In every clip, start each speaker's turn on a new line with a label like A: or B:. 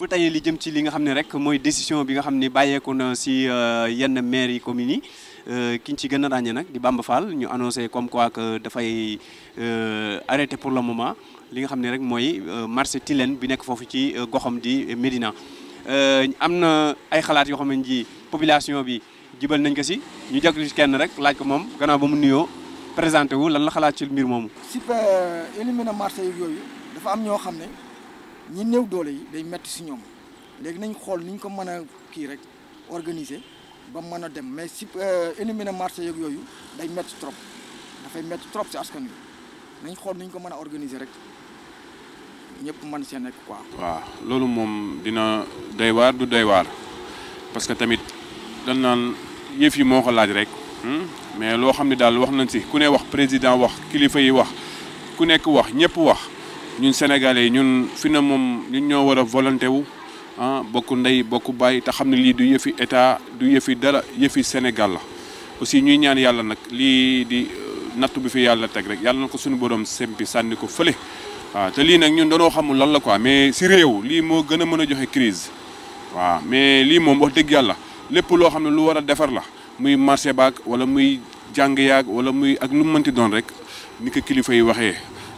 A: bu tey li jëm ci li nga xam ne rek mooy décision bi nga xam ne bàyyeeku na si euh, yenn maires yi communes yi euh, ki ñu ci gën a ràññee nag di Bamba Fall ñu annoncé comme quoi que dafay euh, arrêté pour le moment li nga xam ne rek mooy marché Tilène bi nekk foofu ci goxam di Médina am na ay xalaat yoo xam ne ji population bi jibal nañ ko si ñu jaglu ci kenn rek laaj ko moom gannaaw ba mu nuyoo présenté wu lan la xalaat ci mbir moomu. si
B: éliminer marché yooyu dafa ñoo xam ne. ñi néew doole yi day metti si ñoom léegi nañ xool ni ñu ko mën a kii rek organiser ba mën a dem mais si euh, éliminer marché yeeg yooyu day metti trop dafay metti trop si askan wi nañ xool ni ñu ko mën a organiser rek ñëpp man see nekk ko
A: waaw loolu moom dina doy waar du doy waar parce que tamit dañ naan yëf yi moo ko laaj rek. Hmm? mais loo xam ne daal wax nañ si ku ne wax président wax kilifa yi wax ku nekk wax ñëpp wax. ñun yi ñun fi na moom ñun ñoo war a wu ah bokk ndey bokk bàyyi te xam ne lii du yëfi état du yëfi dara yëfi Sénégal la aussi ñuy ñaan yàlla nag lii di euh, natt bi fi yàlla teg rek yàlla na ko suñu borom sempi sànni ko fële waaw te lii nag ñun danoo xamul lan la quoi mais si réew lii moo gën a mën a joxe crise waaw mais lii moom wax dëgg yàlla lépp loo xam ne lu war a defar la muy marché baag wala muy jàng yaag wala muy ak lu mu mënti doon rek ni ko kilifa yi waxee.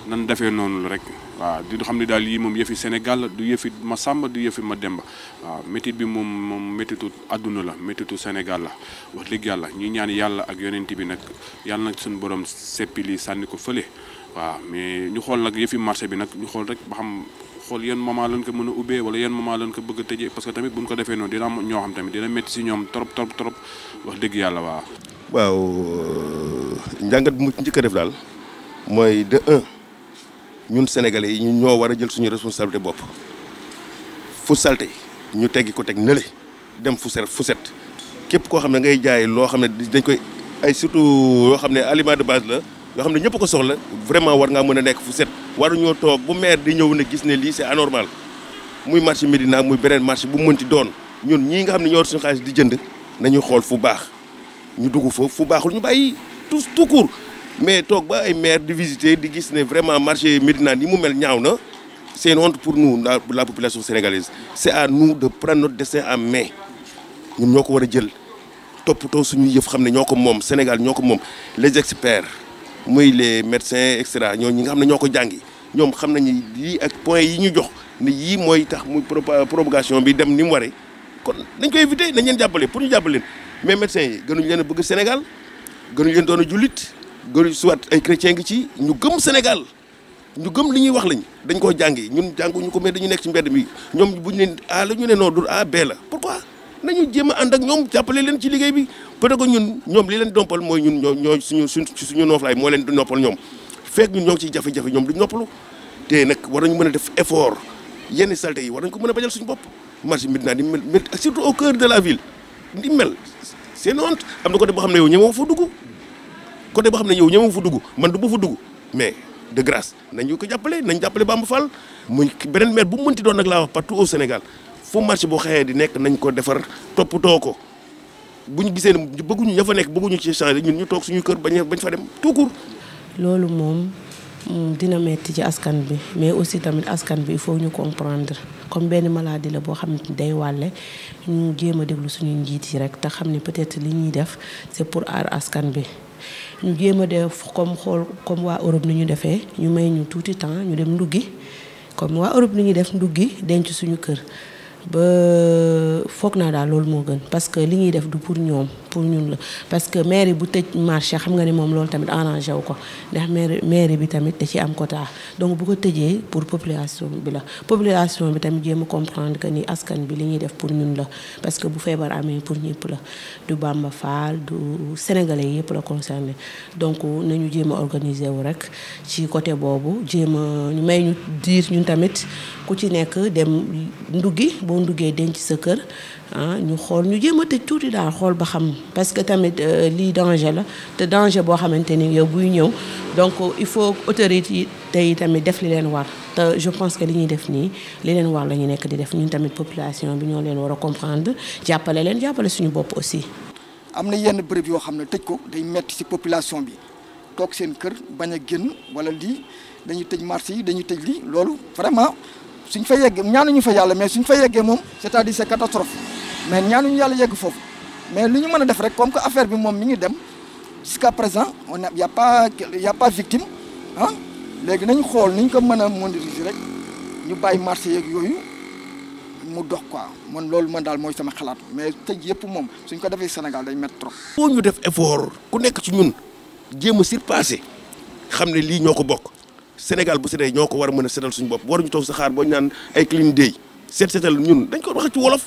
A: nan defee noonu la rek waaw di xam ne daal yii moom yëfi Sénégal du yëfi ma sàmba du yëfi ma demba waaw métit bi moom moom métitu àdduna la métitu Sénégal la wax dëgg yàlla ñuy ñaan yàlla ak yonent bi nag yàlla nag suñu borom seppi lii sànni ko fële waaw mais ñu xool nag yëfi marché bi nag ñu xool rek ba xam xool yan moment lañ ko mën a ubbee wala yenn moment lañ ko bëgg a tëjee parce que tamit buñ ko defee noonu dina am ñoo xam tamit dina métti si ñoom trop trop trop wax dëgg yàlla waaw.
C: waaw njàngat daal ñun sénégalais yi ñoo war a jël suñu responsabilité bopp fu salte ñu teggi ko teg nële dem fu set fu set képp koo xam ne ngay jaay loo xam ne dañ koy ay surtout yoo xam ne aliment de base la yoo xam ne ñëpp ko soxla vraiment war ngaa mën a nekk fu set waruñoo toog bu maire di ñëw ne gis ne lii c'est anormal muy marché Médina muy beneen marché bu mënti doon ñun ñii nga xam ne ñoo suñu xaalis di jënd nañu xool fu baax ñu dugg foofu fu baaxul ñu bàyyi tout tout court mais toog ba ay maire di visiter di gis ne vraiment marché Médina ni mu mel ñaaw na c'est une pour nous la la population sénégalaise c'est à nous de prendre notre destin en main ñun ñoo ko war a jël toppatoo suñu yëf xam ne ñoo ko moom Sénégal ñoo ko moom les experts muy les médecins et cetera ñi nga xam ne ñoo ko jàngi ñoom xam nañu lii ak point yi ñu jox ne yii mooy tax muy propagation bi dem ni mu waree kon dañ koy éviter nañ leen jàppalee pour ñu jàppale leen mais médecins yi gënuñ leen bëgg Sénégal gënuñ leen doon a jullit gënu soit ay chrétien ngi ci ñu gëm Sénégal ñu gëm li ñuy wax lañ dañ koo jàngi ñun jànguñu ko mais dañu nekk ci mbedd mi ñoom bu ñu ne A ah, la ñu ne non du A B la a ànd ak ñoom jàppale leen ci liggéey bi peut ñun ñoom li leen dompal mooy ñun ñoo ñoo suñu suñu nooflaay moo leen di noppal ñoom fekk ñun ñoo ngi ciy jafe-jafe ñoom duñ noppalu te nag war nañu mën a def effort yenn saleté yi war nañ ko mën a bañal suñu bopp marché Médina di mel surtout au cœur de la ville di mel seen honte am na ko côté boo xam ne yow ñëwoo fa dugg côté boo xam ne yow ñëwoo fa dugg man du ma fa dugg mais de grâce nañu ko jàppale nañ jàppale Bamba Fall muy beneen maire bu mun ti doon nag laa wax partout au Sénégal fu marché boo xëyee di nekk nañ ko defar toppatoo ko bu ñu gisee ne bëgguñu ña fa nekk bëgguñu ci changer ñun ñu toog suñu kër bañ bañ fa dem
D: tout court. loolu moom dina metti ci askan bi mais aussi tamit askan bi il faut ñu comprendre comme benn maladie la boo xam ne day wàlle ñu jéem a déglu suñuy njiit yi rek te xam ne peut-être li ñuy def c'est pour aar askan bi. ñu jéem a def comme xool comme waa Europe ni ñu defee ñu may ñu tuuti temps ñu dem nduggi comme waa Europe ni ñu def nduggi denc suñu kër ba foog naa daal loolu moo gën parce que li ñuy def du pour ñoom pour ñun la parce que mairie bu tëj marché xam nga ne moom loolu tamit arrangé wu ko ndax mairie mairie bi tamit da ci am quota donc bu ko tëjee pour population bi la population bi tamit jéem a comprendre que askan bi li ñuy def pour ñun la parce que bu feebar amee pour ñëpp la du Bamba Fall du sénégalais yëpp la concerné donc nañu jéem a organiser wu rek ci côté boobu jéem a may ñu diir ñun tamit ku ci nekk dem nduggi boo duggee denc sa kër ah ñu xool ñu jéem a tëj tuuti daal xool ba xam parce que tamit euh, lii danger la te danger boo xamante ni yow buy ñëw donc il faut autorité tey tamit def li leen war te je pense que li ñuy def nii li leen war la ñu nekk di def ñun tamit population bi ñoo leen war a comprendre jàppale leen jàppale suñu bopp aussi. am na yenn
B: bërëb yoo xam ne tëj ko day metti ci population bi toog seen kër bañ a génn walla lii dañuy tëj marché yi dañu tëj loolu suñ fa yeggee ñaanuñu fa yàlla mais suñ fa yeggee moom c'est-à-dire c'est catastrophe mais ñaanuñu yàlla yegg foofu mais li ñu mën a def rek comme que affaire bi moom mi ñu dem jusqu'à présent on y a pas y a pas victime ah léegi nañu xool niñ ko mën a mondialiser rek ñu bàyyi marché yeeg yooyu mu dox ko man loolu man daal mooy sama xalaat mais tëj yëpp moom suñ ko defee Sénégal dañ métti trop.
C: foo ñu def effort ku nekk ci ñun jéem a surpassé xam ne lii ñoo ko bokk. Sénégal bu setee ñoo ko war a mën a setal suñu bopp waruñu toog sa xaar boo ñu naan ay clean day seet setal ñun dañ ko wax ci wolof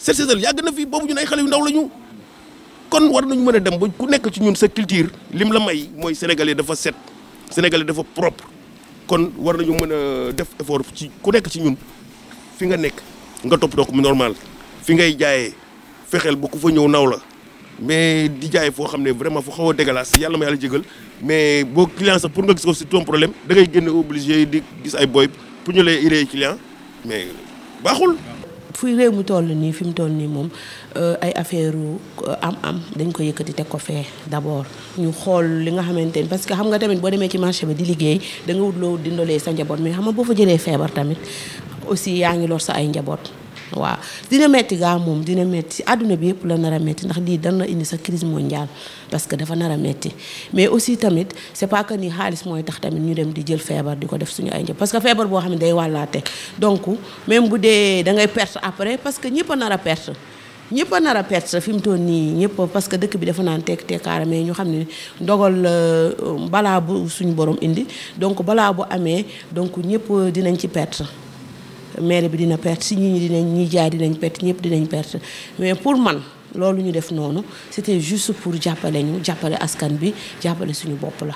C: seet setal yàgg na fi boobu ñun ay xale yu ndaw la kon war nañu mën a dem ba ku nekk ci ñun sa culture lim la may mooy sénégalais dafa set sénégalais dafa propre kon war nañu mën a def effort ci ku nekk ci ñun fi nga nekk nga topp toppatoo ko mu normal fi ngay jaayee fexeel ba ku fa ñëw naw la. mais di jaay foo xam ne vraiment fu xaw a dégueulasse yàlla ma yàlla jégal mais boo client sax pour nga gis ko c'est problème da ngay génn obligé di gis ay boy pour ñu lay iree client mais baaxul.
D: fu réew mi toll nii fi mu toll nii moom euh, ay affaire euh, am-am dañ ko yëkkati teg ko fee d'abord ñu xool li nga xamante ni parce que xam nga tamit boo demee ci marché bi di liggéey da nga wut loo dindolee sa njaboot mais xam nga boo fa jëlee feebar tamit aussi yaa ngi lor sa ay njaboot. waaw dina metti gaa moom dina metti àdduna bi yëpp la nar a metti ndax lii dana indi sa crise mondiale parce que dafa nar a metti mais aussi tamit c'est pas que ni xaalis mooy tax tamit ñu dem di jël feebar di ko def suñu ay njëb parce que feebar boo xam ne day wàllaate donc même bu dee da ngay perte parce que ñëpp a nar ñëpp nar a perte fi mu toll nii ñëpp parce que dëkk bi dafa naan teek teekaara mais ñu xam ne ndogal euh, balaa bu suñu borom indi donc balaa bu amee donc ñëpp dinañ ci perte maire bi dina perte si nit ñi dinañ ñi jaay dinañ perte ñëpp dinañ perte mais pour man loolu ñu def noonu c'était juste pour jàppale ñu jàppale askan bi jàppale suñu bopp la